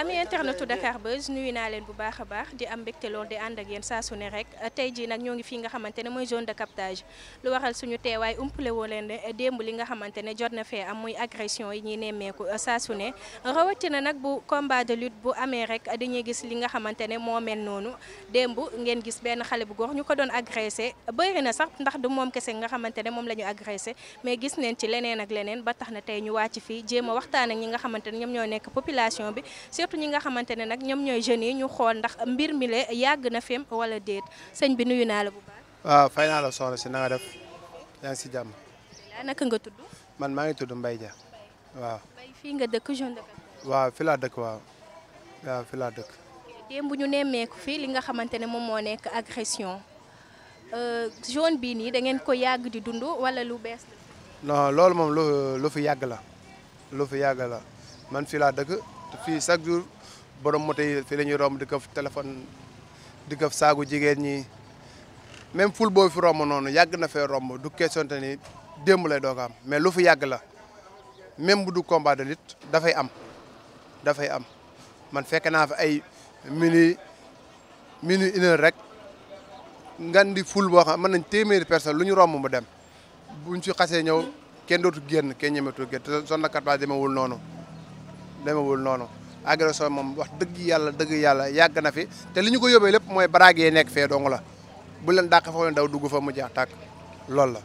ami internetu Dakar Buzz nuyu naa leen bu baax a baax di am mbégte lool di ànd ak yéen saa su ne tey jii nag ñoo ngi fii nga xamante ne mooy zone de captage suñu teewaay umpale woo leen démb li nga xamante ne jot na fee am muy agression yi ñuy nemmeeku euh, saa su rawatina nag bu combat de bu amee rek dañuy gis li nga xamante ne moo mel noonu démb ngeen gis benn xale bu góor ñu ko doon agressé bëri na sax ndax du moom kese nga xamante ne moom la ñu agressé mais gis neen ci leneen ak leneen ba tax na tey ñu wàcc fii jéema waxtaan ak ñi nga xamante ne ñoom ñoo nekk population bi surtout nga xamante nag ñoom ñooy jeunes yi ñu xool ndax mbir mi le yàgg na fem wala déet sëñ bi nuyu naa la bu baax. waaw fay naa la soxna si na nga def yaa si jàmm. naka nga tudd. man maa ngi tudd mbay ja waaw. nga dëkk jeune de waaw fi laa dëkk waaw waaw fi laa dëkk. démb ñu nemmeeku fii li nga xamante ne moom moo nekk agression jeune bi nii da ngeen ko yàgg di dund wala lu bees la. loolu moom lu lu fi yàgg la lu fi yàgg la man fi laa dëkk. te fii chaque jour borom moto yi fii la ñuy romb di këf téléphone di këf saagu jigéen ñi même ful boo fi romb noonu yàgg na fee romb du question te ni démb lay doog am mais lu fi yàgg la même bu du combat de dafay am dafay am man fekk naa fi ay mini minuit une heure rek ngan di ful boo xam mën nañ téeméeri personne lu ñu romb mu dem buñ ci xasee ñëw kenn dootu génn kenn ñemetu génn te son na kat ba demewul noonu demewul noonu agression moom wax dëgg yàlla dëgg yàlla yàgg na fi te li ñu ko yóbbee lépp mooy baraag nekk fee dong la bu leen dàq fa leen daw dugg fa mu jeex tàkk loolu la.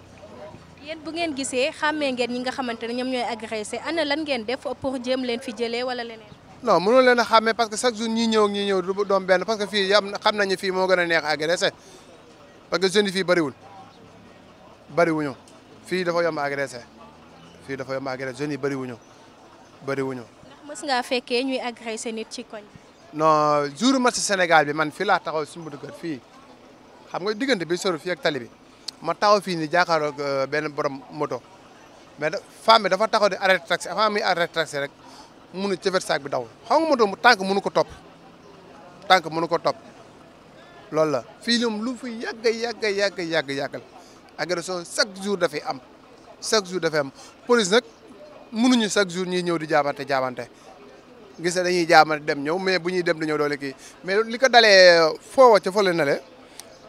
yéen bu ngeen gisee xàmmee ngeen ñi nga xamante ne ñoom ñooy agressé ana lan ngeen def pour jéem leen fi jëlee wala leneen. non mënoo leen a xàmmee parce que chaque jour ñi ñëw ak ñi ñëw du doom benn parce que fii yam xam nañu fii moo gën a neex agressé parce que jeunes yi fii bëriwul bëriwuñu fii dafa yomb agressé fii dafa yomb agressé jeunes yi bëriwuñu bëriwuñu mës ngaa fekkee ñuy agressé nit ci koñ. non jour match Sénégal bi man fii laa taxaw suñu buntu kër fii xam nga diggante bi sori fii ak tali bi ma taxaw fii ni jàkkaarloog euh, benn borom moto mais femme bi dafa taxaw di arrêté taxi avant muy arrêté taxi rek munu cëfet saak bi daw xam nga moto mu tànk munu ko topp tànk munu ko topp loolu la fii moom lu fi yàgg yàgg yàgg yàgg yàggal agression chaque jour dafay am chaque jour dafay am police nag munuñu chaque jour ñuy ñëw di jaabante jaabante gis na dañuy jaamar dem ñëw mais bu ñuy dem di ñëw doole kii mais li ko dalee foowa ca fële na le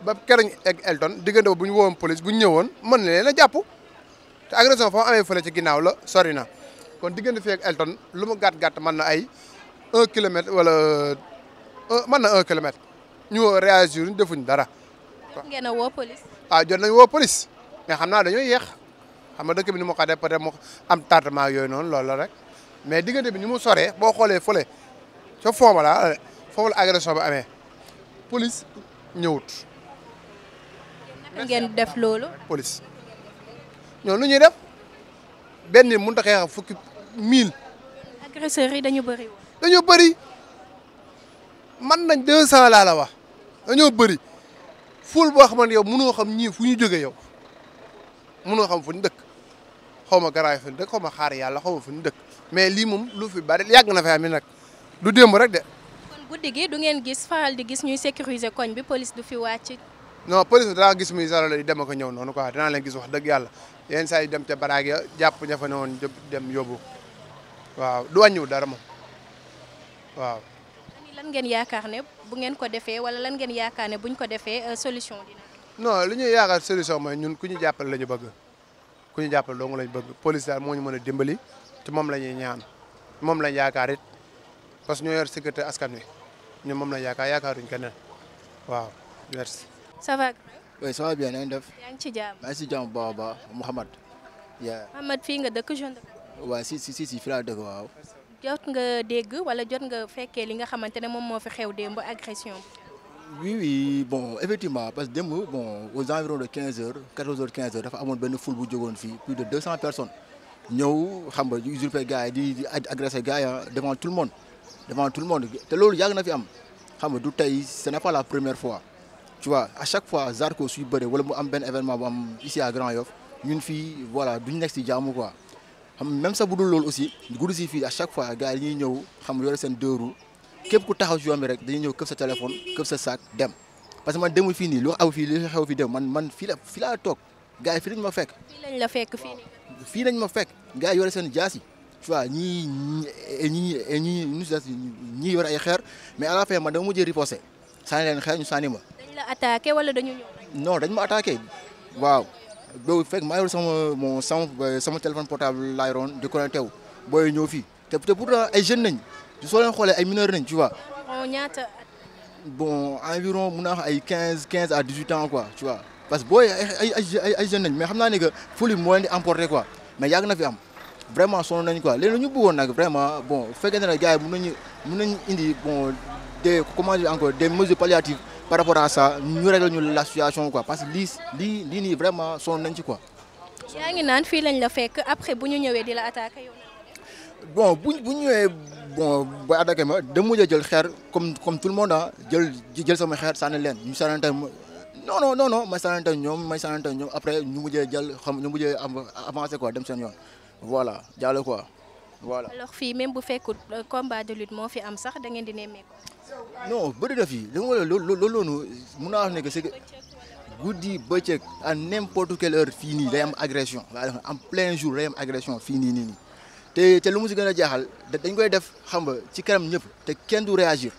ba keroog ak Elton diggante bu ñu woowoon police bu ñëwoon mën na leen a jàpp te agression fa mu fële ci ginnaaw la sori na kon diggante fii ak Elton lu mu gat gàtt man na ay un kilomètre wala euh, mën na un kilomètre ñu réagir ñu defuñ dara. a ah, jot nañ woo police mais xam naa dañoo yéex xam nga bi ni mu xatee peut-être mu am tardement yooyu noonu loolu la rek. mais diggante bi ni mu soree boo xoolee fële ca foofu la foofu la agression bi amee police ñëwut. ngeen def police ñoom lu ñuy def benn nit mënut fukki mille. agresseurs yi dañu bëri dañoo bëri man nañ deux cent laa la wax dañoo bëri ful boo xamante yow mënoo xam ñii fu ñu jógee yow mënoo xam fu ñu dëkk xaw ma garaay fu ñu dëkk xaw xaar yàlla xaw fu ñu dëkk. mais lii moom lu fi bari yàgg na fa am nag du démb rek de. kon guddi gi du ngeen gis faral di gis ñuy sécuriser koñ bi police du fi wàcc. non police bi danaa gis muy solo la di dem ak ñëw noonu quoi danaa leen gis wax dëgg yàlla yenn yi dem ca baraag ya jàpp fa ne woon dem yóbbu waaw du wàññiwul dara moom waaw. lan ngeen yaakaar ne bu ngeen ko defee wala lan ngeen yaakaar ne bu buñ ko defee euh, solution dina. non lu ñuy yaakaar solution mooy ñun ku ñu jàppale la ñu bëgg ku ñu jàppale dong lañ bëgg police daal moo ñu mën a dimbali te moom la ñuy ñaan moom lañ yaakaar it parce que ñoo yor sécurité askan wi ñu moom lañ yaakaar yaakaaruñ keneen waaw merci. ça va. oui ça va def. yaa ci jàmm maa ngi si jàmm bu baax a baax Mouhamad. Mouhamad fii nga dëkk jeune waaw si si si si fii waaw. jot nga dégg wala jot nga fekkee li nga xamante ne moom moo fi xew démb agression. oui oui bon effectivement parce que démb bon aux environs de 15 heures 14 heures 15 amoon benn foule bu jógoon fii ñëw xam nga usurper gars yi di di agresser gars yi ah, devant tout le monde devant tout le monde te loolu yàgg na fi am xam nga du tey ce n'est pas la première fois tu vois chaque fois Zarko suy bëre wala mu am benn événement bu am ici à Grand Yoff ñun fii voilà duñ nekk si jaamu ko xam même sax bu dul loolu aussi guddi si fii à chaque fois gars yi ñuy ñëw xam yore seen deux roues képp ku taxaw si yoon rek dañuy ñëw këpp sa téléphone këpp sa sac dem parce que man demul fii nii lu fii li xew fii dem man fii fii laa toog gars fekk. fii nañ ma fekk gars yi yore seen jaas yi tu vois ñii ñii ñii ñii yore ay xeer mais à la fin man dama mujjee riposé sànni leen xeer ñu sànni ma. dañ la attaqué wala dañu ñëw non dañ ma attaqué waaw boobu fekk maa yor sama mon sama sama téléphone portable laa yoroon di connecté wu booy ñëw fii te te pourtant ay jeunes nañ soo leen xoolee ay mineurs nañ tu vois. ñaata. bon environ mun naa wax ay quinze quinze à dix huit ans quoi tu vois. parce que booy ay ay ay nañ mais xam naa ne que folie moo leen di emporter quoi mais yàgg na fi am vraiment sonn nañ quoi léegi ñu bëggoon nag vraiment bon fekkee ne gars yi mun nañu indi bon des comment dire encore des mesures palliatives par rapport à ça ñu régler ñu la situation quoi parce que lii li lii nii vraiment sonn nañ ci quoi. yaa ngi naan fii lañ la fekk après bu ñu ñëwee di la attaqué yow. bon bu ñu ñëwee bon ba attaqué ma da mujj a jël xeer comme comme tout le monde ah jël sama xeer sànni leen ñu sànni tey non non non non may sànnante ñoom may sànnante ñoom après ñu mujjee jël xam ñu mujjee avancé quoi dem seen yoon voilà jàll quoi voilà. alors fii même bu fekkut euh, combat de lutte moo fi am sax da ngeen di nemmeeku. non bëri na fii li ma loolu loolu noonu mun naa wax ne que c'est que guddi bëccëg à n'importe quelle heure fii nii day am agression en plein jour day am agression fii nii nii nii te te lu mu si gën a jaaxal dañ koy def xam nga ci kanam ñëpp te kenn du réagir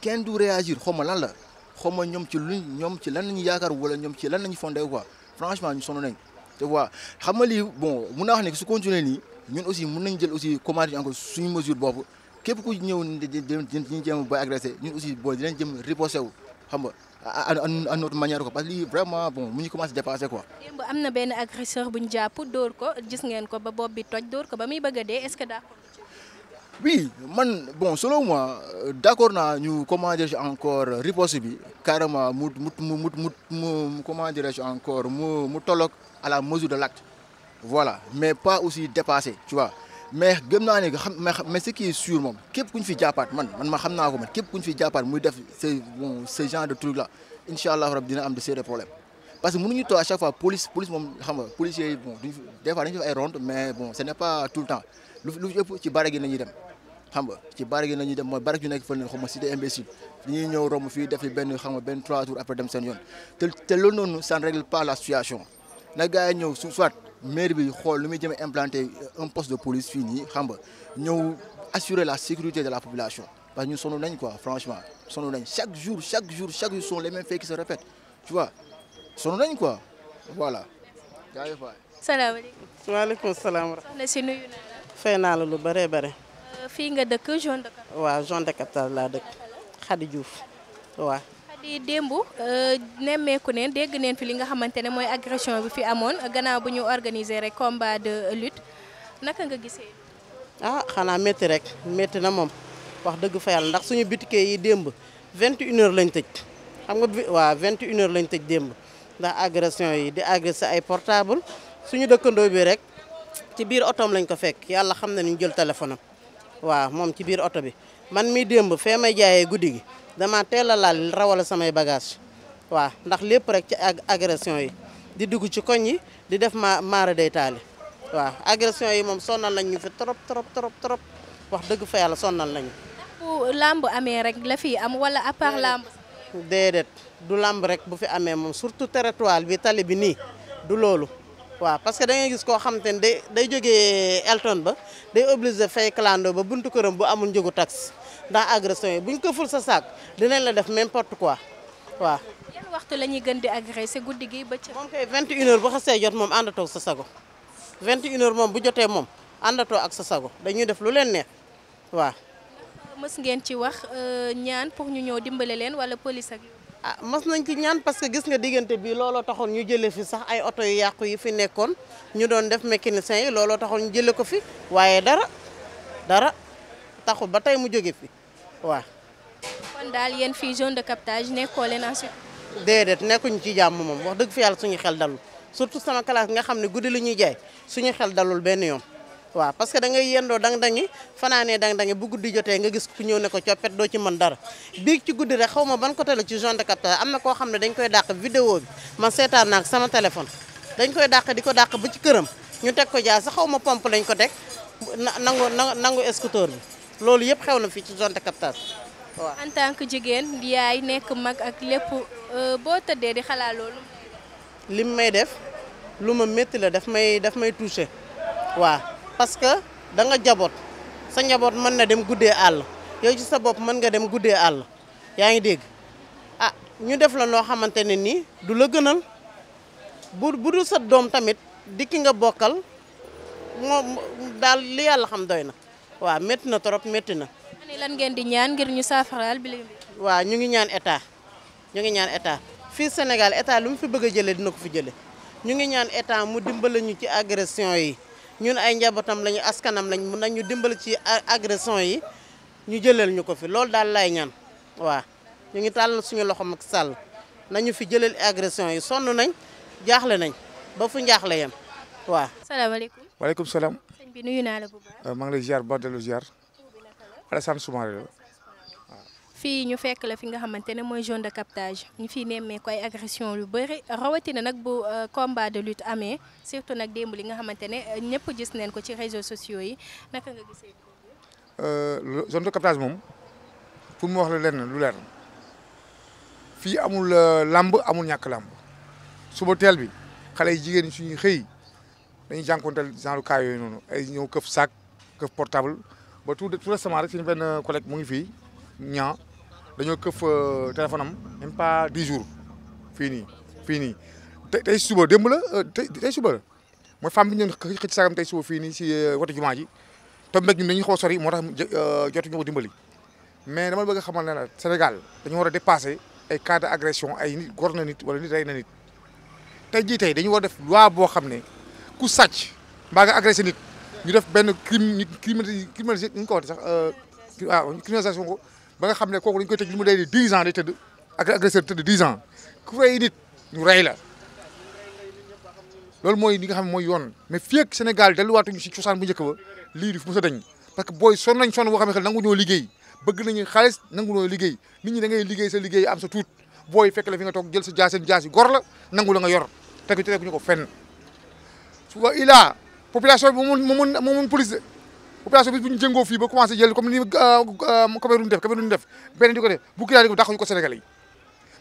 kenn du réagir xaw ma lan la. xaw ma ñoom ci luñ ñoom lan lañu yaakaar wala ñoom ci lan lañu fondé quoi franchement ñu nañ te vois xam bon mun naa wax ne su continuer nii ñun aussi mun nañ jël aussi commande suñu mesure boobu képp ku ñëw ñu jéem bay agressé ñun aussi boo dinañ jëm riposé xam nga à notre manière parce que lii vraiment bon mu ñu commencé dépassé quoi. am na benn agresseur bu jàpp dóor ko gis ko ba bopp bi toj dóor ko ba muy bëgg dee est-ce que d'accord oui man bon selon moi euh, d'accord naa ñu comment dirais-je encore riposte bi carrément mu mu mu mu comment dirais-je encore mu mu tolloog à la mesure de l'acte voilà mais pas aussi dépassé tu vois mais gëm naa mais ce qui est sûr moom képp ku ñu fi jàppaat man man ma xam naa ko man képp ku ñu fi jàppaat muy def ce bon ce de truc là incha dina am de sérieux problème parce que mënuñu toog à chaque fois police police moom xam nga policiers yi bon duñ des fois dañu mais bon ce n'est pas tout le temps lu lu ëpp ñuy dem. xam nga ci barke gi la ñuy dem mooy barke yu nekk fële ne xaw ma cité imbécile dañuy ñëw romb fii def benn xam nga benn trois jours après dem seen yoon te te loolu noonu ça ne règle la situation na yi ñëw soit maire bi xool lu muy jëm implanté un poste de police fii nii xam nga ñëw assurer la sécurité de la population parce que ñu sonn nañ quoi franchement sonn nañ chaque jour chaque jour chaque jour sont les mêmes faits qui se nañ quoi voilà. salaamaaleykum. waaleykum salaam. soxna si nuyu naa la. naa la lu bëree bëri. fii nga dëkk zone de captage. zone de captage laa dëkk. Khady Diouf waaw. Khady démb euh, nemmeeku neen dégg neen fi li nga xamante ne mooy agression bi fi amoon gannaaw bu ñu organiser rek combat de lutte naka nga gisee. ah xanaa métti rek métti na moom wax dëgg fa yàlla ndax suñu bitikee yi démb vingt une heure lañ tëj xam nga bi waa vingt une heure lañ tëj démb ndax agression yi di agressé ay portable suñu dëkkandoo bi rek ci biir otoom lañ ko fekk yàlla xam na ñu jël téléphone waaw moom ci biir oto bi man mi démb fee may jaayee guddi gi damaa teel a laal rawala samay bagage waaw ndax lépp rek ci agression yi di dugg ci koñ yi di def ma maara day taali waaw agression yi moom sonnal nañ fi trop trop trop trop wax dëgg fa yàlla sonnal nañu bu làmb amee rek la fi am wala à part làmb déedéet du làmb rek bu fi amee moom surtout territoire bi tali bi nii du loolu waaw parce que da ngay gis koo xam te ne day day jógee Elton ba day obligé fay clando ba buntu këram bu amul njëgu tax ndax agression yi bu ñu këful sa saak dinañ la def n'importe quoi waaw. yan waxtu la ñuy gën di agressé guddi gi ba ci moom kay 21h bu xasee jot moom àndatoo ak sa sago 21h moom bu jotee moom àndatoo ak sa sago dañuy def lu leen neex waaw. mës ngeen ci wax euh, ñaan pour ñu ñëw dimbale leen wala police ah mas nañ ci ñaan parce que gis nga diggante bi looloo taxoon ñu jëlee fi sax ay oto yu yàqu yi fi nekkoon ñu doon def mécanicien yi looloo taxoon ñu jëlee ko fi waaye dara dara taxul ba tey mu jóge fi waaw. kon daal yéen fii zone de captage nekkoo leen déedéet nekkuñu ci jàmm moom wax dëgg fi yàlla suñu xel dalul surtout sama classe nga xam ne guddi la ñuy jaay suñu xel dalul benn yoon. waaw parce que da ngay yendoo dang-dangi fanaane dang-dangi bu guddi jotee nga gis ku ñëw ne ko coppet doo ci man dara biig ci guddi rek xaw ma ban la ci zone de captage am na koo xam ne dañ koy dàq vidéo bi seetaan naa sama téléphone dañ koy dàq di ko dàq ba ci këram ñu teg ko jaay sa xaw ma pompe lañ ko teg nangu nangu escouteur bi loolu yëpp xew na fii ci zone de captage waaw en tant que jigéen yaay nekk mag ak lépp euh, boo tëddee di xalaat loolu lim may def lu ma métti la daf may daf may touché parce que da nga jaboot sa njaboot mën na dem guddee àll yow ci sa bopp mën nga dem guddee àll yaa ngi dégg ah ñu def la noo xamante ne nii du la gënal bu bu dul sa doom tamit di ki nga bokkal moom daal li yàlla xam doy na waaw metti na trop métti na. lan ngeen di ñaan ngir ñu saafaraal bi. waaw ñu ngi ñaan état ñu ngi ñaan état fii Sénégal état lu mu fi bëgg a jëlee dina ko fi jëlee ñu ngi ñaan état mu dimbala ñu ci agression yi. ñun ay njabootam lañu askanam lañ mun nañu dimbali ci agression yi ñu jëleel ñu ko fi loolu daal lay ñaan waaw ñu ngi tàllal suñu loxo Macky Sall nañu fi jëleel agression yi sonn nañ jaaxle nañ ba fu njaaxle yam waa salaamaaleykum waaleykum salaam. sëñ bi nuyu naa la bu euh, ngi lay ziar ba dellu ziar Alassane Soumaré la. fii ñu fekk la fi nga xamante ne mooy zone de captage ñu fiy nemmee ko ay agression lu bëri rawatina nag bu euh, combat de lutte amee surtout nag démb li nga xamante ne euh, ñëpp gis neen ko ci réseaux sociaux yi naka nga gisee. Euh, zone de captage moom pour wax la lu leer fii amul làmb amul ñàkk làmb suba teel bi xale yi jigéen ñi suñuy xëy dañuy jànkuwanteel genre cas yooyu noonu ay ñëw këf sac këf portable ba tout tout récemment rek suñu benn collègue mu ngi fi ñaa dañoo këf téléphone am même pas dix jours fii nii fii nii te tey suba démb la tey suba la mooy femme bi ñu doon xëcc saagam tey suba fii nii si wetu jumaa ji te meeg ñun dañuy xoo sori moo tax jotuñu ko dimbali mais dama bëgg a xamal ne la Sénégal dañu war a dépasser ay cas d'agression ay nit gor na nit wala nit rey na nit tey jii tey dañu war def loi boo xam ne ku sàcc mbaa nga agressé nit ñu def benn crime criminalisé ñu ko waxee sax ah ko. ba nga ne kooku dañ koy tëj li mu day di dix ans day tëdd mooy li nga xam mooy yoon mais fii ak Sénégal delluwaatuñu si cosaan bu njëkk ba lii di fu mës a dañ parce que booy son nañ xam ne xel nangu ñoo liggéey bëgg nañu xaalis nangu ñoo liggéey nit ñi da ngay liggéey sa liggéey am sa tuut booy fekk la fi nga toog jël sa jaa seen jaas yi gor la nangu la nga yor tegu teguñu ko fenn su ilaa population bi mu mun mu mun police population bi bu ñu jëngoo jël comme ni euh, Cameroun def Cameroun def beneen di ko def bu Burkina di ko ko Sénégalais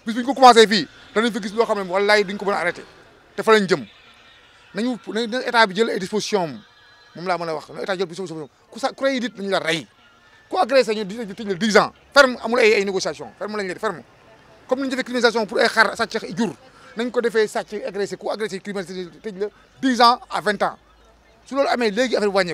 yi bu ñu ko commencé fii danañ fa gis loo xam ne wallaay duñ ko mën a te fa jëm nañu na bi jël ay disposition am moom laa mën a wax na état jël disposition ku sa ku rey nit nañu la rey ku ans ferme amul ay négociation ferme comme ni ñu defee pour ay xar sàcc jur nañ ko defee sàcc agressé ku agressé criminalisé tëj la 10 ans à 20 ans su amee léegi affaire bi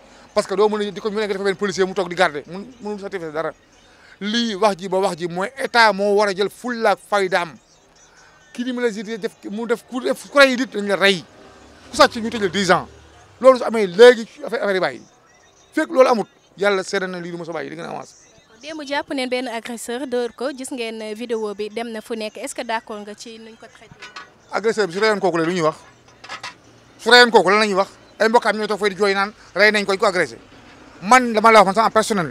parce que doo mën a di ne nga wax ji ba wax ji mooy état moo war a jël fulla ak faydaam criminalisé def mu def ku def ku rey la rey ku sàcc ñu tëj la amee léegi affaire affaire yi bàyyi fekk loolu amut yàlla seede na lii du di a avancé. démb jàpp neen benn agresseur dóor ko gis ngeen bi dem na fu nekk est-ce que d'accord nga ci nuñ ko traité. agresseur bi su reyoon kooku la lu ñuy wax su reyoon kooku lan la ñuy wax. ay mbokkaam ñoo toog fay di jooy naan rey nañ ko ko agressé man dama la wax man sama personnel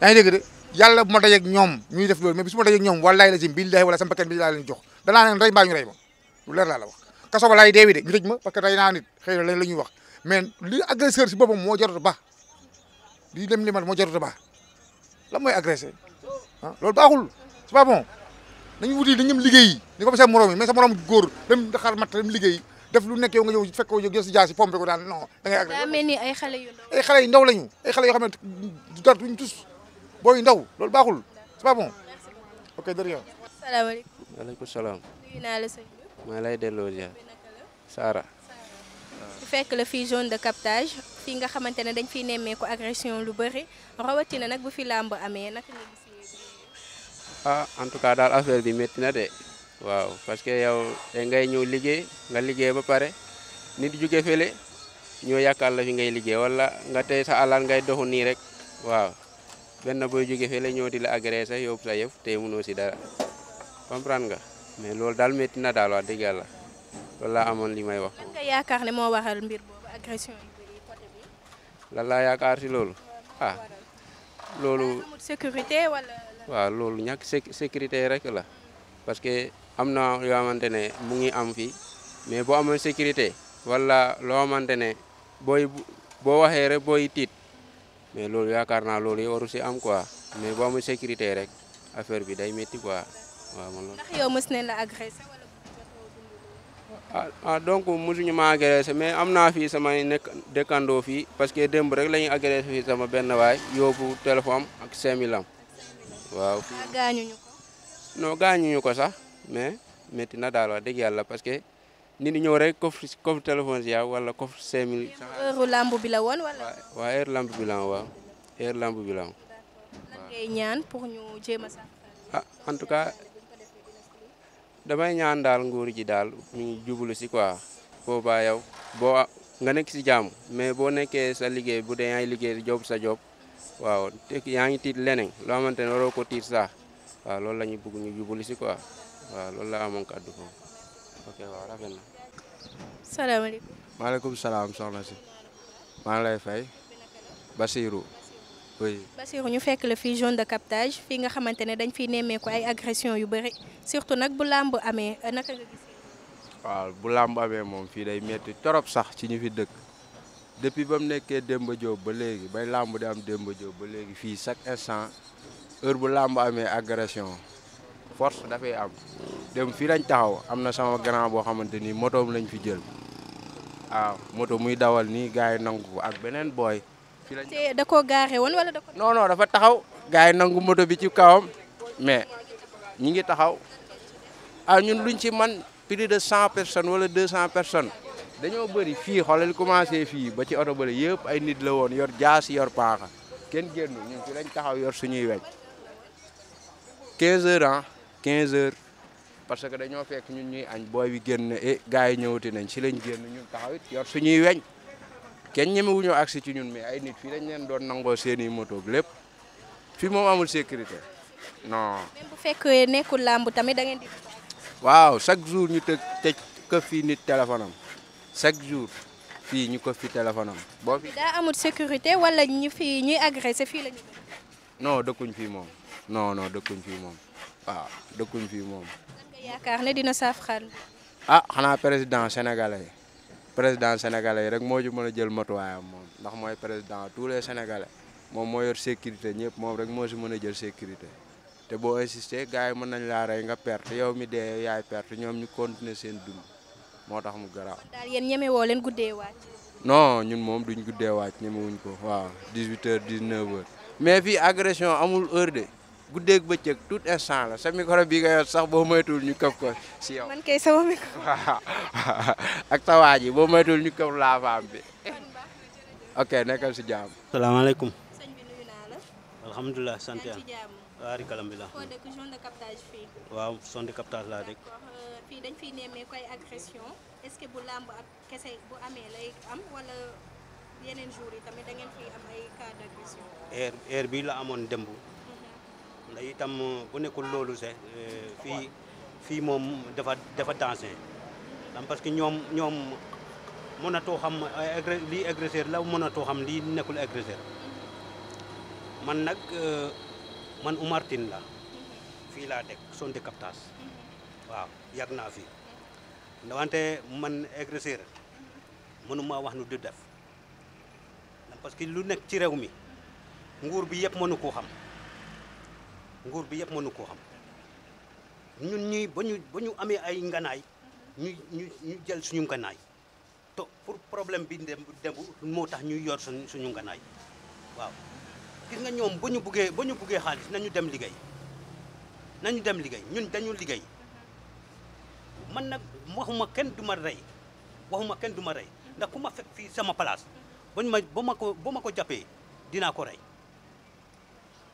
yaa ngi de yàlla bu ma dajeeg ñoom ñuy def loolu mais bi su ma dajeeg ñoom wallaay la si billahi wala sama bakkan bi laa leen jox danaa leen rey mbaa ñu rey ma lu leer laa la wax kaso ba laay deewi de ñu tëj ma parce que rey naa la ñuy wax mais li agresseur si boppam moo jarut ba li dem limal moo jarut ba lan mooy agressé ah, loolu baaxul c'est pas bon nañu wuti dañu dem liggéeyi ni ko sa morom yi mais sa morom góor da xar mat dem liggéeyi def lu nekk yow nga yow fekk ko yow si jaasi pompé ko daal non da ngay agg ay xale yu ndaw ay yu ndaw lañu ay xale yoo xam ne dara duñ tus ndaw loolu baaxul c'est pas bon ok de naa la lay delloo jaar Saara fekk la fii zone de captage fii nga xamante ne dañ fiy nemmeeku agression lu bëri rawatina nag bu fi làmb amee nag ah en tout cas daal affaire bi métti na de waaw parce que yow ngay ñëw liggéey nga liggéey ba pare nit jóge fële ñoo yàkkal la fi ngay liggéey wala nga tey sa alal ngay doxu nii rek waaw benn booy jóge fële ñëw di la agressé yóbbu sa yëf te mënoo si dara comprendre nga mais loolu daal métti na daal wax dëgg yàlla loolu laa amoon li may wax. lan nga yaakaar ne moo waxal mbir boobu laa yaakaar si loolu. ah loolu. amul sécurité wala. waaw loolu ñàkk rek la parce que. am na yoo xamante ne mu ngi am fii mais boo amoon sécurité wala loo xamante ne booy boo waxee rek booy tiit mais loolu yaakaar naa loolu waru si am quoi boo amoon sécurité rek affaire bi day métti quoi waaw man loolu. ndax yow mës nañ la agressé wala. ah, ah ma agressé mais am naa fii sama nekk dëkkandoo fii parce que démb rek la ñuy agressé fii sama benn waay yoobu téléphone ak 5000 waaw. Ah, gaañuñu gaañuñu ko sax. mais métti na daal wax dëgg yàlla parce que nit ñi ñëw rek coffre coffre téléphone si yaaw wala coffre cinq mille. heure lamb bi la woon wala. waaw heure lamb bi la woon waaw heure lamb bi la woon. lan ngay ñaan pour ñu jéem a sax. ah en tout cas damay ñaan daal nguur ji daal ñu jublu si quoi. boobaa yow boo nga nekk si jàmm mais boo nekkee sa liggéey bu dee yaay liggéey job sa job waaw te yaa ngi tiit leneen loo xamante ne waroo ko tiit sax waaw loolu la ñu bëgg ñu jublu si quoi. waaw loolu la amoon kàddu foofu rafet na. salaamaaleykum. maaleykum salaam soxna si. maa lay fay. Basirou. oui Basirou ñu fekk la fii zone de captage fii nga xamante ne dañ fiy nemmeeku ay agression yu bëri surtout nag bu làmb amee naka nga gis. waaw bu làmb amee moom fii day metti torop sax ci ñu fi dëkk depuis ba mu nekkee Demba Diop ba léegi bay làmb di am Demba Diop ba léegi fii chaque instant heure bu làmb amee agression. force dafay am dem fii lañ taxaw am na sama grand boo xamante ni motoom lañ fi jël waaw moto muy dawal nii gars yi nangu ak beneen booy. fii lañ te da koo wala da ko dafa taxaw gars yi nangu moto bi ci kawam mais ñi ngi taxaw ah ñun luñ ci man plus de cent personnes wala deux cent personnes dañoo bëri fii xoolal commencé fii ba ci oto bële yëpp ay nit la woon yor jaas yor paax kenn génn ñun fi lañ taxaw yor suñuy weñ 15 heures ah. 15 heures parce que dañoo fekk ñun ñuy añ booy bi génn e gars yi ñëwati nañ si lañ génn ñun taxaw it yor suñuy weñ kenn ñemewuñu agsi ci ñun mais ay nit fii lañ leen doon nangoo seeni moto lépp fii moom amul sécurité no même nekkul làmb tamit da ngeen waaw chaque jour ñu tëj tëj fii nit téléphone am chaque jour fii ñu ko fi téléphone am. boo fi daa amul sécurité wala fi ñuy agressé fii moom non non dëkkuñ fii moom. waaw dëkkuñ fii moom. yaakaar dina saaf xal. ah xanaa président sénégalais président sénégalais rek moo ci mën a jël matuwaayam moom ndax mooy président tous les sénégalais moom moo yor sécurité ñëpp moom rek moo si mën a jël sécurité te boo insister gars yi mën nañ laa rey nga perte yow mi dee yaay perte ñoom ñu continuer seen dund moo tax mu garaaw. daal yéen ñeme woo leen guddee wàcc. non ñun moom duñ guddee wàcc ñeme wuñ ko waaw 18h 19h mais fii agression amul heure de. guddeeg bëccëg tout instant la sa micro bi nga yor sax boo moytuwul ñu këf ko si yow. ak sa waa ji boo moytuwul ñu këf la femme bi. ok nekkal si jàmm. salaamaaleykum. sëñ bi nuyu naa la. alhamdulilah sant yàlla. bi la. Euh, am wala yeneen jours yi tamit da ngeen am ay cas d'agression. heure heure bii la amoon demb ndax itam bu nekkul loolu sax euh, fii fii moom dafa dafa danger am parce que ñoom ñoom mënatoo xam euh, lii agresseur la mënatoo xam lii nekkul agresseur man nag euh, man Oumar Tine la fii laa dëkk son de captage waaw yàgg naa fi wante man agresseur mënuma wax nu du def parce que lu nekk ci réew mi nguur bi yëpp mënu koo xam nguur bi yëpp mënu koo xam ñun ñi ba ñu ba ñu amee ay nganaay ñu ñu jël suñu nganaay to pour problème bi dem demb moo tax ñuy yor suñu suñu nganaay waaw gis nga ñoom ba ñu buggee ba ñu buggee xaalis nañu dem liggéey nañu dem liggéey ñun dañu liggéey man nag waxuma kenn du ma rey waxuma kenn du ma rey ndax ku ma fekk fii sama place bañ ma ba ma ko ba ma ko jàppee dinaa ko rey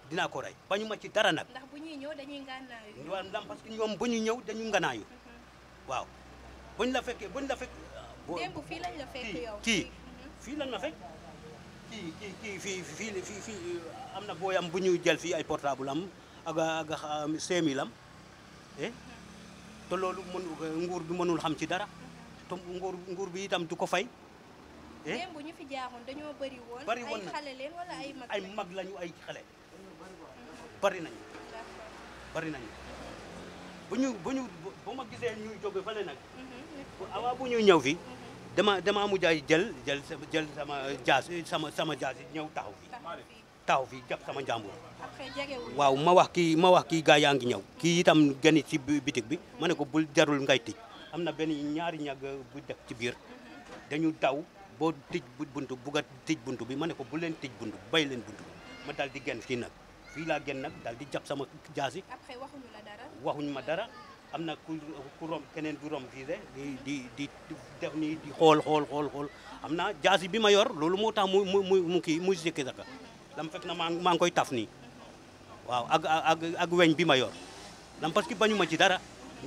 dinaa ko rey bañu ma ci dara nag. ndax bu ñuy ñëw dañuy nganaayu. waaw ndax parce que ñoom bu ñu ñëw dañu nganaayu mhm. waaw buñ la fekkee buñ la fekk. démb fii lañ la fekk kii mhm. fii lañ la fekk kii fii fii fii am na booyam bu ñuy jël fii ay portable am ak ak seemil eh? mhm. te loolu mën nguur bi mënul xam ci dara te nguur nguur bi itam du ko fay. Eh? démb ñu fi jaaxoon dañoo bari woon. ay xale leen wala mag lañu ay mag lañu ay xale. bari nañu bari nañu bu ñu bu ñu bu ma gisee ñuy jóge fële nag mm-hmm. avant bu ñuy ñëw fi dama dama mujj ay jël jël jël sama jaas sama sama jaas yi ñëw taxaw fi taxaw fi jàpp sama njàmbur waaw ma wax kii ma wax kii gaa yaa ngi ñëw kii itam gani ci bitik bi ma ne ko bul jarul ngay tij am na benn ñaari ñag bu def ci biir mm-hmm. dañu daw boo tij buntu bugg a bi ma ne ko buleen leen bunt bay leen buntu ma dal di genn nag fii laa génn nag daal di jàpp sama jaasi. après waxuñu la dara. waxuñu ma dara am na ku ku rom keneen du rom fii di di di def nii di xool xool xool xool am na jaasi bi ma yor loolu moo tax mu mu mu mu kii muy jékki saka lam fekk na maa ngi koy taf nii waaw ak ak ak weñ bi ma yor lam parce que bañu ma ci dara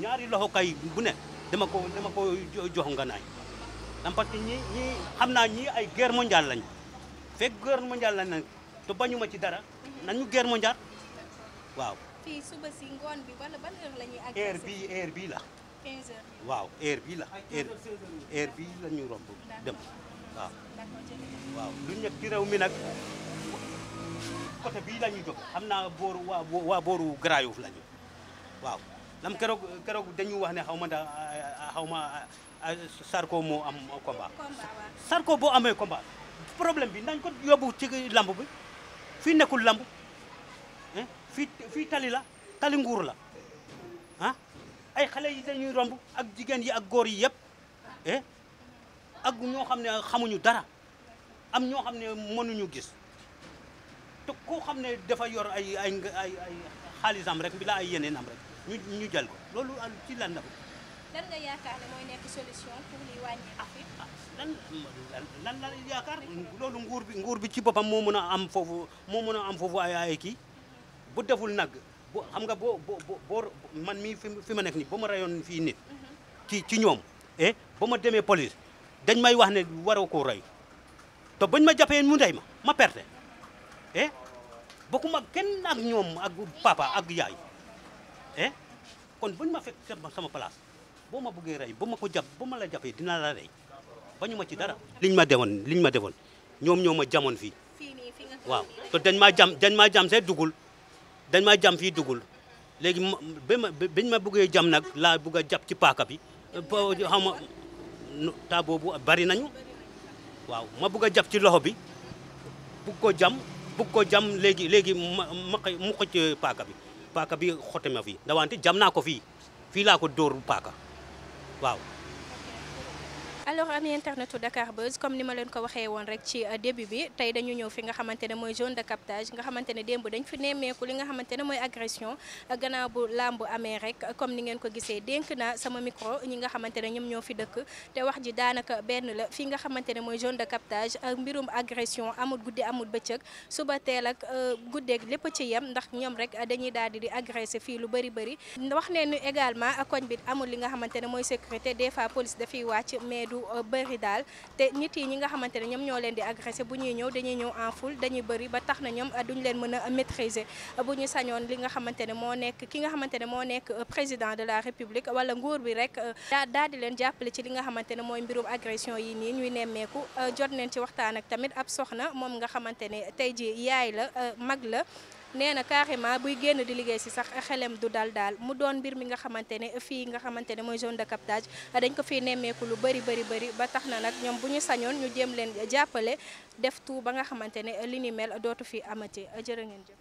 ñaari loxo kay bu ne dama ko dama ko jox nga naay lam parce que ñi ñi xam naa ñi ay guerre mondiale lañ fekk guerre mondiale lañ na te bañu ma ci dara nañu guerre mondiale waaw. fii bi wala la ñuy agressé heure bii heure bii bii la. heure heure bii la ñu romb dem waaw. lu ñu nekk ci réew mi nag côté bii la ñuy jóg xam naa booru waa waa booru Grand Yoff waaw. lam keroog keroog wax ne xaw da xaw ma Sarko moo am combat. Sarko boo amee combat problème bi nañ ko yóbbu ci lamb bi. fii nekkul lamb fii fii tali la tali nguur la ah ay xale yi dañuy romb ak jigéen yi ak góor yi yëpp eh ak ñoo xam ne xamuñu dara am ñoo xam ne mënuñu gis te koo xam ne dafa yor ay ay ay xaalisam rek bi la ay yeneen am rek ñu ñu jal ko loolu ci lan la lan nga ah, yaakaar loolu nguur bi nguur bi ci boppam moo mën a am foofu moo mën a am foofu ay ay kii bu deful nag bu xam nga boo boo boo man mii fi ma ni boo ba ma rayoon fii nit. ci ci ñoom eh ba ma demee police dañ may wax ne waroo koo rey te bañ ma jàppee mu ndey ma ma perte eh bokkuma kenn ak ñoom ak papa ak yaay eh kon buñ ma fekk sama place. boo ma bëggee rey ba ma ko jàpp boo ma la jàppee dinaa la rey bañu ma ci dara. liñ ma defoon liñ ma defoon ñoom ñoo ma jamoon fii waaw te dañ maa jam dañ maa jam see dugul dañ maa jam fii dugul léegi ma ma biñ jam nag laa bëgg a jàpp ci paaka bi xam ma taa boobu bari nañu waaw ma bëgg a jàpp ci loxo bi bugg ko jam bug ko jam léegi léegi ma mu xëcc paaka bi paaka bi xote ma fii ndawante jam naa ko fii fii laa ko dóor paaka. waaw alors am internetu Dakar Buzz comme ni ma leen ko waxee woon rek ci euh, début bi tey dañu ñëw fi nga xamante ne mooy zone de captage nga xamante ne démb dañ fi nemmeeku nga xamante ne mooy agression euh, gannaaw bu làmb amee rek comme ni ngeen ko gisee dénk naa sama ñi nga xamante ne ñoom ñoo fi dëkk te wax ji daanaka benn la fi nga xamante ne mooy zone de captage ak euh, mbirum agression amul guddi amul bëccëg suba teel ak guddeeg lépp ci yem ndax ñoom rek dañuy daal di di agressé fii lu bëri bëri wax ne nu également koñ bi amul li nga xamante ne mooy sécurité des fois police dafiy wàcc mais yu euh, bëri daal te nit yi ñi nga xamante ne ñoom ñoo leen di agressé bu ñuy ñëw dañuy ñëw en foule dañuy bëri ba tax na ñoom euh, duñ leen mën a euh, maîtriser bu ñu sañoon li nga xamante ne moo nekk ki nga xamante ne moo nekk président de la république wala nguur bi rek daa daal di leen jàppale ci li nga xamante ne mooy mbirum agression yi nii ñuy nemmeeku jot neen ci waxtaan ak tamit ab soxna moom nga xamante ne tey ji yaay la mag la nee na carrément buy génn di liggéey si sax xelem du dal daal mu doon mbir mi nga xamante ne fii nga xamante ne mooy zone de captage dañ ko fi nemmeeku lu bari bëri bëri ba tax na nag ñoom bu ñu sañoon ñu jëm leen jàppale def tout ba nga xamante ne li ni mel dootu fi amati jërë ngeen jëf